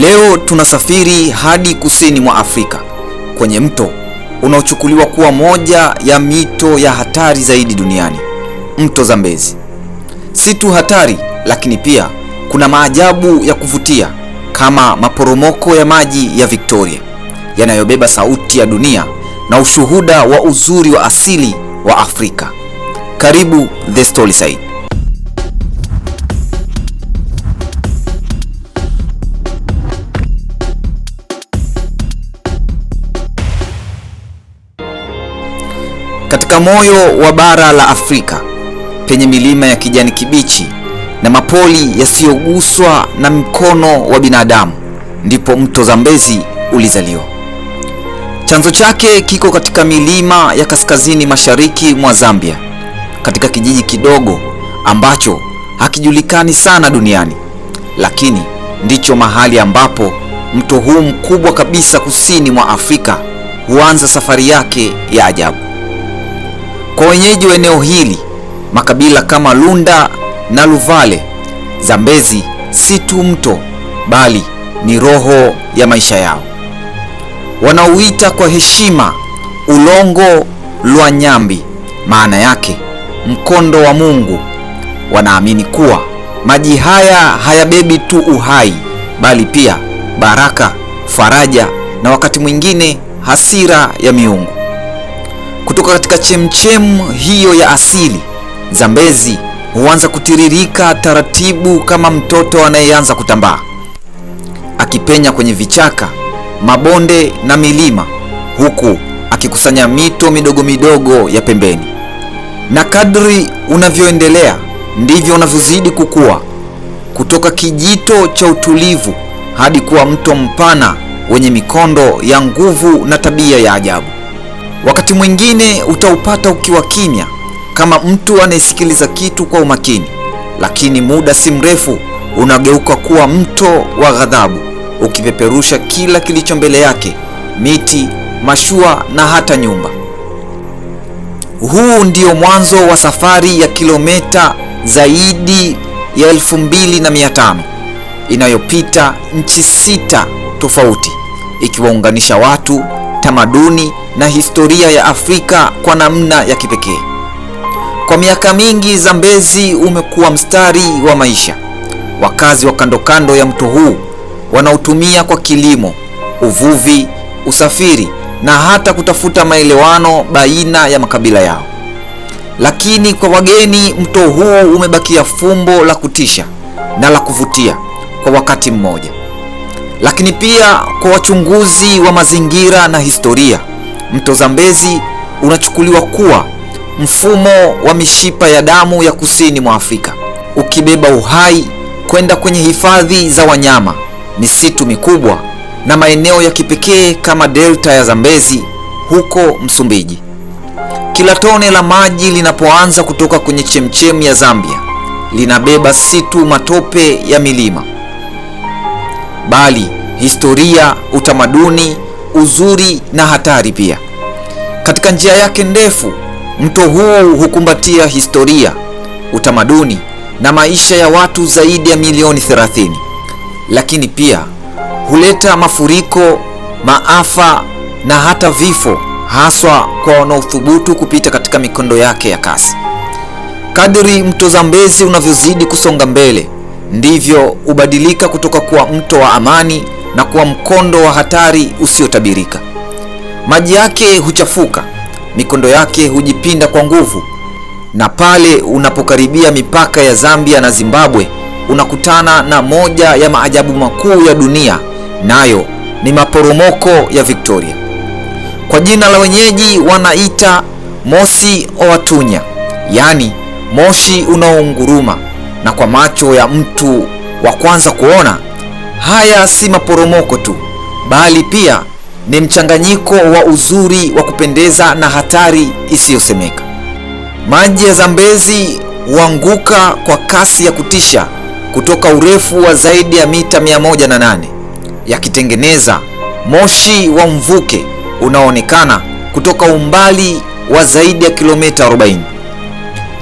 Leo tunasafiri hadi kusini mwa Afrika kwenye mto unaochukuliwa kuwa moja ya mito ya hatari zaidi duniani, mto Zambezi. Si tu hatari, lakini pia kuna maajabu ya kuvutia kama maporomoko ya maji ya Victoria yanayobeba sauti ya dunia na ushuhuda wa uzuri wa asili wa Afrika. Karibu The Site. katika moyo wa bara la Afrika penye milima ya kijani kibichi na mapoli yasiyoguswa na mkono wa binadamu, ndipo mto Zambezi ulizaliwa. Chanzo chake kiko katika milima ya kaskazini mashariki mwa Zambia, katika kijiji kidogo ambacho hakijulikani sana duniani, lakini ndicho mahali ambapo mto huu mkubwa kabisa kusini mwa Afrika huanza safari yake ya ajabu. Kwa wenyeji wa eneo hili, makabila kama Lunda na Luvale, Zambezi si tu mto bali ni roho ya maisha yao. Wanauita kwa heshima Ulongo lwa Nyambi, maana yake mkondo wa Mungu. Wanaamini kuwa maji haya hayabebi tu uhai, bali pia baraka, faraja na wakati mwingine hasira ya miungu kutoka katika chemchem hiyo ya asili Zambezi huanza kutiririka taratibu kama mtoto anayeanza kutambaa, akipenya kwenye vichaka, mabonde na milima, huku akikusanya mito midogo midogo ya pembeni. Na kadri unavyoendelea ndivyo unavyozidi kukua, kutoka kijito cha utulivu hadi kuwa mto mpana wenye mikondo ya nguvu na tabia ya ajabu. Wakati mwingine utaupata ukiwa kimya kama mtu anayesikiliza kitu kwa umakini, lakini muda si mrefu unageuka kuwa mto wa ghadhabu ukipeperusha kila kilicho mbele yake: miti, mashua na hata nyumba. Huu ndio mwanzo wa safari ya kilomita zaidi ya elfu mbili na mia tano inayopita nchi sita tofauti ikiwaunganisha watu tamaduni na historia ya Afrika kwa namna ya kipekee. Kwa miaka mingi, Zambezi umekuwa mstari wa maisha. Wakazi wa kando kando ya mto huu wanaotumia kwa kilimo, uvuvi, usafiri na hata kutafuta maelewano baina ya makabila yao. Lakini kwa wageni, mto huu umebakia fumbo la kutisha na la kuvutia kwa wakati mmoja lakini pia kwa wachunguzi wa mazingira na historia, mto Zambezi unachukuliwa kuwa mfumo wa mishipa ya damu ya kusini mwa Afrika, ukibeba uhai kwenda kwenye hifadhi za wanyama, misitu mikubwa na maeneo ya kipekee kama delta ya Zambezi huko Msumbiji. Kila tone la maji linapoanza kutoka kwenye chemchemi ya Zambia linabeba situ matope ya milima bali historia, utamaduni, uzuri na hatari pia. Katika njia yake ndefu, mto huu hukumbatia historia, utamaduni na maisha ya watu zaidi ya milioni 30, lakini pia huleta mafuriko, maafa na hata vifo, haswa kwa wanaothubutu kupita katika mikondo yake ya kasi. Kadri mto Zambezi unavyozidi kusonga mbele ndivyo hubadilika kutoka kuwa mto wa amani na kuwa mkondo wa hatari usiotabirika. Maji yake huchafuka, mikondo yake hujipinda kwa nguvu, na pale unapokaribia mipaka ya Zambia na Zimbabwe unakutana na moja ya maajabu makuu ya dunia, nayo ni maporomoko ya Victoria. Kwa jina la wenyeji wanaita mosi oatunya, yaani moshi unaounguruma na kwa macho ya mtu wa kwanza kuona, haya si maporomoko tu, bali pia ni mchanganyiko wa uzuri wa kupendeza na hatari isiyosemeka. Maji ya Zambezi huanguka kwa kasi ya kutisha kutoka urefu wa zaidi ya mita 108 yakitengeneza moshi wa mvuke unaoonekana kutoka umbali wa zaidi ya kilomita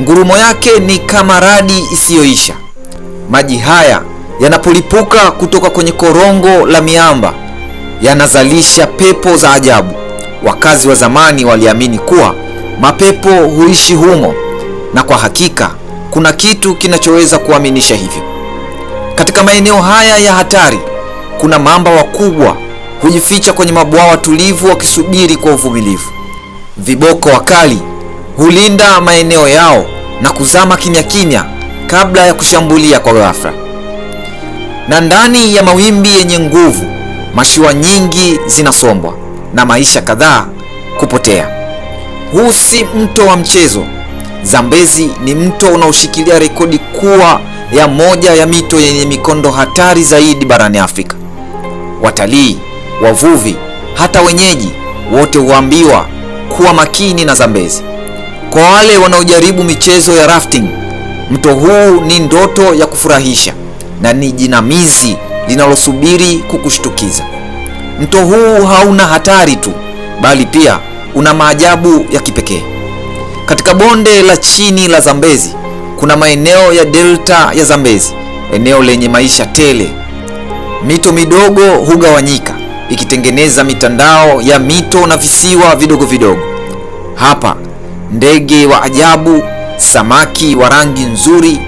Ngurumo yake ni kama radi isiyoisha. Maji haya yanapolipuka kutoka kwenye korongo la miamba yanazalisha pepo za ajabu. Wakazi wa zamani waliamini kuwa mapepo huishi humo, na kwa hakika kuna kitu kinachoweza kuaminisha hivyo. Katika maeneo haya ya hatari, kuna mamba wakubwa hujificha kwenye mabwawa tulivu, wakisubiri kwa uvumilivu. Viboko wakali hulinda maeneo yao na kuzama kimya kimya kabla ya kushambulia kwa ghafla. Na ndani ya mawimbi yenye nguvu, mashua nyingi zinasombwa na maisha kadhaa kupotea. Huu si mto wa mchezo. Zambezi ni mto unaoshikilia rekodi kuwa ya moja ya mito yenye mikondo hatari zaidi barani Afrika. Watalii, wavuvi, hata wenyeji wote huambiwa kuwa makini na Zambezi. Kwa wale wanaojaribu michezo ya rafting, mto huu ni ndoto ya kufurahisha na ni jinamizi linalosubiri kukushtukiza. Mto huu hauna hatari tu, bali pia una maajabu ya kipekee. Katika bonde la chini la Zambezi kuna maeneo ya delta ya Zambezi, eneo lenye maisha tele. Mito midogo hugawanyika ikitengeneza mitandao ya mito na visiwa vidogo vidogo. Hapa ndege wa ajabu, samaki wa rangi nzuri,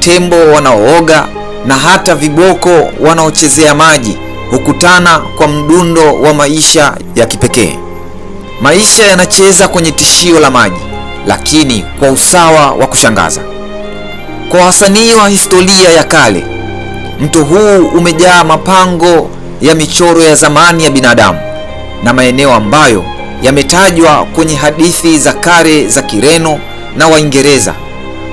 tembo wanaooga na hata viboko wanaochezea maji hukutana kwa mdundo wa maisha ya kipekee. Maisha yanacheza kwenye tishio la maji, lakini kwa usawa wa kushangaza. Kwa wasanii wa historia ya kale, mto huu umejaa mapango ya michoro ya zamani ya binadamu na maeneo ambayo yametajwa kwenye hadithi za kale za Kireno na Waingereza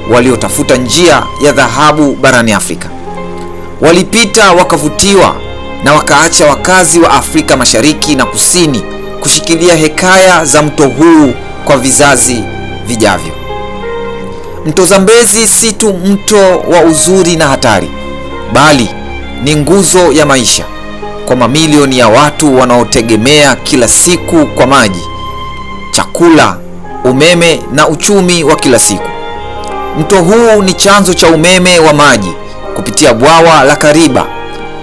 waliotafuta njia ya dhahabu barani Afrika. Walipita wakavutiwa na wakaacha wakazi wa Afrika Mashariki na Kusini kushikilia hekaya za mto huu kwa vizazi vijavyo. Mto Zambezi si tu mto wa uzuri na hatari, bali ni nguzo ya maisha, kwa mamilioni ya watu wanaotegemea kila siku kwa maji, chakula, umeme na uchumi wa kila siku. Mto huu ni chanzo cha umeme wa maji kupitia bwawa la Kariba,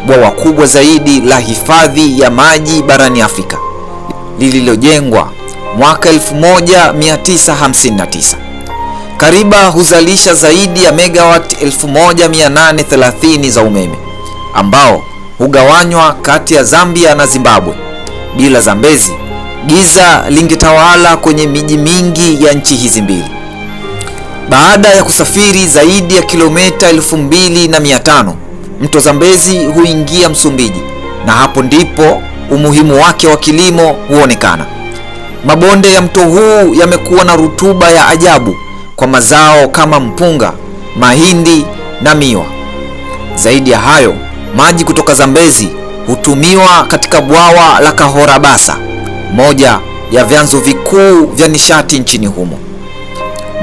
bwawa kubwa zaidi la hifadhi ya maji barani Afrika lililojengwa mwaka 1959. Kariba huzalisha zaidi ya megawati 1830 za umeme ambao hugawanywa kati ya Zambia na Zimbabwe. Bila Zambezi, giza lingetawala kwenye miji mingi ya nchi hizi mbili. Baada ya kusafiri zaidi ya kilomita elfu mbili na mia tano mto Zambezi huingia Msumbiji, na hapo ndipo umuhimu wake wa kilimo huonekana. Mabonde ya mto huu yamekuwa na rutuba ya ajabu kwa mazao kama mpunga, mahindi na miwa. Zaidi ya hayo maji kutoka Zambezi hutumiwa katika bwawa la Kahorabasa, moja ya vyanzo vikuu vya nishati nchini humo.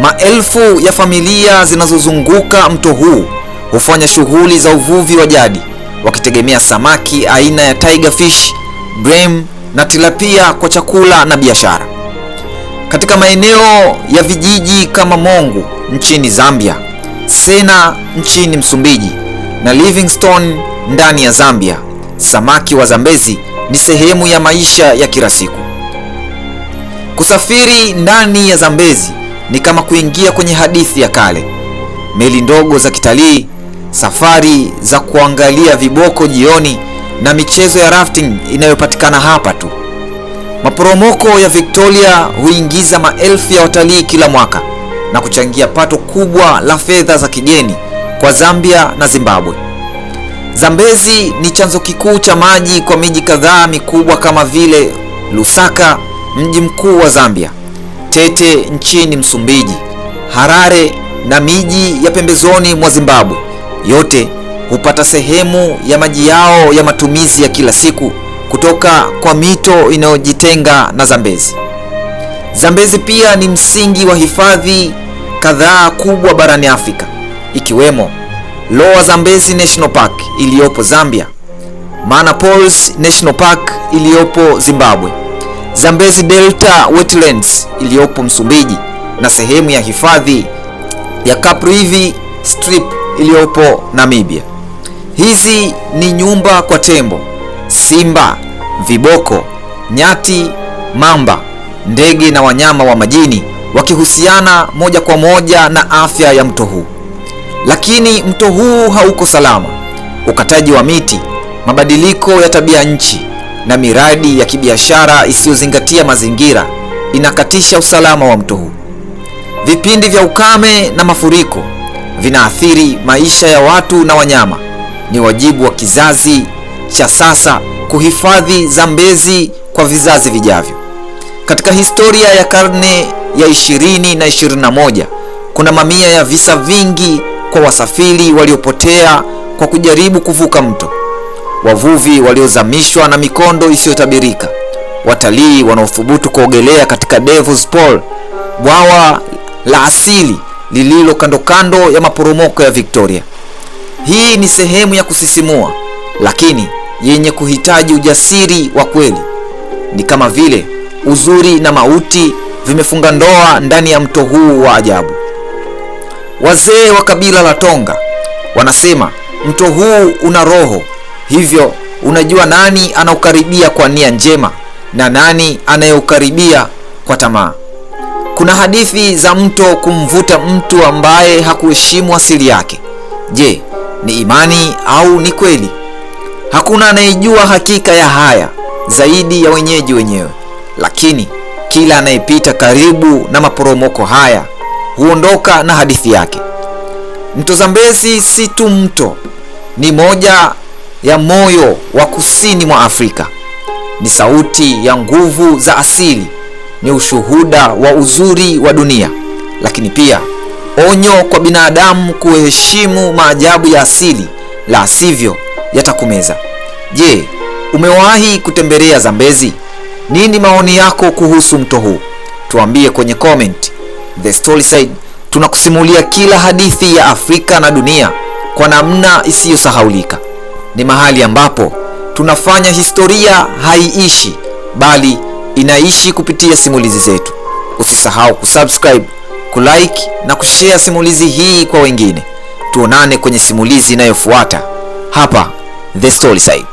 Maelfu ya familia zinazozunguka mto huu hufanya shughuli za uvuvi wa jadi wakitegemea samaki aina ya tiger fish, bream na tilapia kwa chakula na biashara. Katika maeneo ya vijiji kama Mongu nchini Zambia, Sena nchini Msumbiji na Livingstone ndani ya Zambia, samaki wa Zambezi ni sehemu ya maisha ya kila siku. Kusafiri ndani ya Zambezi ni kama kuingia kwenye hadithi ya kale. Meli ndogo za kitalii, safari za kuangalia viboko jioni na michezo ya rafting inayopatikana hapa tu. Maporomoko ya Victoria huingiza maelfu ya watalii kila mwaka na kuchangia pato kubwa la fedha za kigeni kwa Zambia na Zimbabwe. Zambezi ni chanzo kikuu cha maji kwa miji kadhaa mikubwa kama vile Lusaka, mji mkuu wa Zambia, Tete nchini Msumbiji, Harare na miji ya pembezoni mwa Zimbabwe. Yote hupata sehemu ya maji yao ya matumizi ya kila siku kutoka kwa mito inayojitenga na Zambezi. Zambezi pia ni msingi wa hifadhi kadhaa kubwa barani Afrika ikiwemo Lower Zambezi National Park iliyopo Zambia, Mana Pools National Park iliyopo Zimbabwe, Zambezi Delta Wetlands iliyopo Msumbiji na sehemu ya hifadhi ya Kaprivi Strip iliyopo Namibia. Hizi ni nyumba kwa tembo, simba, viboko, nyati, mamba, ndege na wanyama wa majini wakihusiana moja kwa moja na afya ya mto huu. Lakini mto huu hauko salama. Ukataji wa miti, mabadiliko ya tabia nchi na miradi ya kibiashara isiyozingatia mazingira inakatisha usalama wa mto huu. Vipindi vya ukame na mafuriko vinaathiri maisha ya watu na wanyama. Ni wajibu wa kizazi cha sasa kuhifadhi Zambezi kwa vizazi vijavyo. Katika historia ya karne ya 20 na 21 kuna mamia ya visa vingi kwa wasafiri waliopotea kwa kujaribu kuvuka mto, wavuvi waliozamishwa na mikondo isiyotabirika, watalii wanaothubutu kuogelea katika Devil's Pool, bwawa la asili lililo kando kando ya maporomoko ya Victoria. Hii ni sehemu ya kusisimua lakini yenye kuhitaji ujasiri wa kweli. Ni kama vile uzuri na mauti vimefunga ndoa ndani ya mto huu wa ajabu. Wazee wa kabila la Tonga wanasema mto huu una roho, hivyo unajua nani anaukaribia kwa nia njema na nani anayeukaribia kwa tamaa. Kuna hadithi za mto kumvuta mtu ambaye hakuheshimu asili yake. Je, ni imani au ni kweli? Hakuna anayejua hakika ya haya zaidi ya wenyeji wenyewe, lakini kila anayepita karibu na maporomoko haya huondoka na hadithi yake. Mto Zambezi si tu mto, ni moja ya moyo wa kusini mwa Afrika. Ni sauti ya nguvu za asili, ni ushuhuda wa uzuri wa dunia, lakini pia onyo kwa binadamu kuheshimu maajabu ya asili, la sivyo yatakumeza. Je, umewahi kutembelea Zambezi? Nini maoni yako kuhusu mto huu? Tuambie kwenye komenti. The Storyside tunakusimulia kila hadithi ya Afrika na dunia kwa namna isiyosahaulika. Ni mahali ambapo tunafanya historia haiishi, bali inaishi kupitia simulizi zetu. Usisahau kusubscribe, kulike na kushare simulizi hii kwa wengine. Tuonane kwenye simulizi inayofuata hapa The Storyside.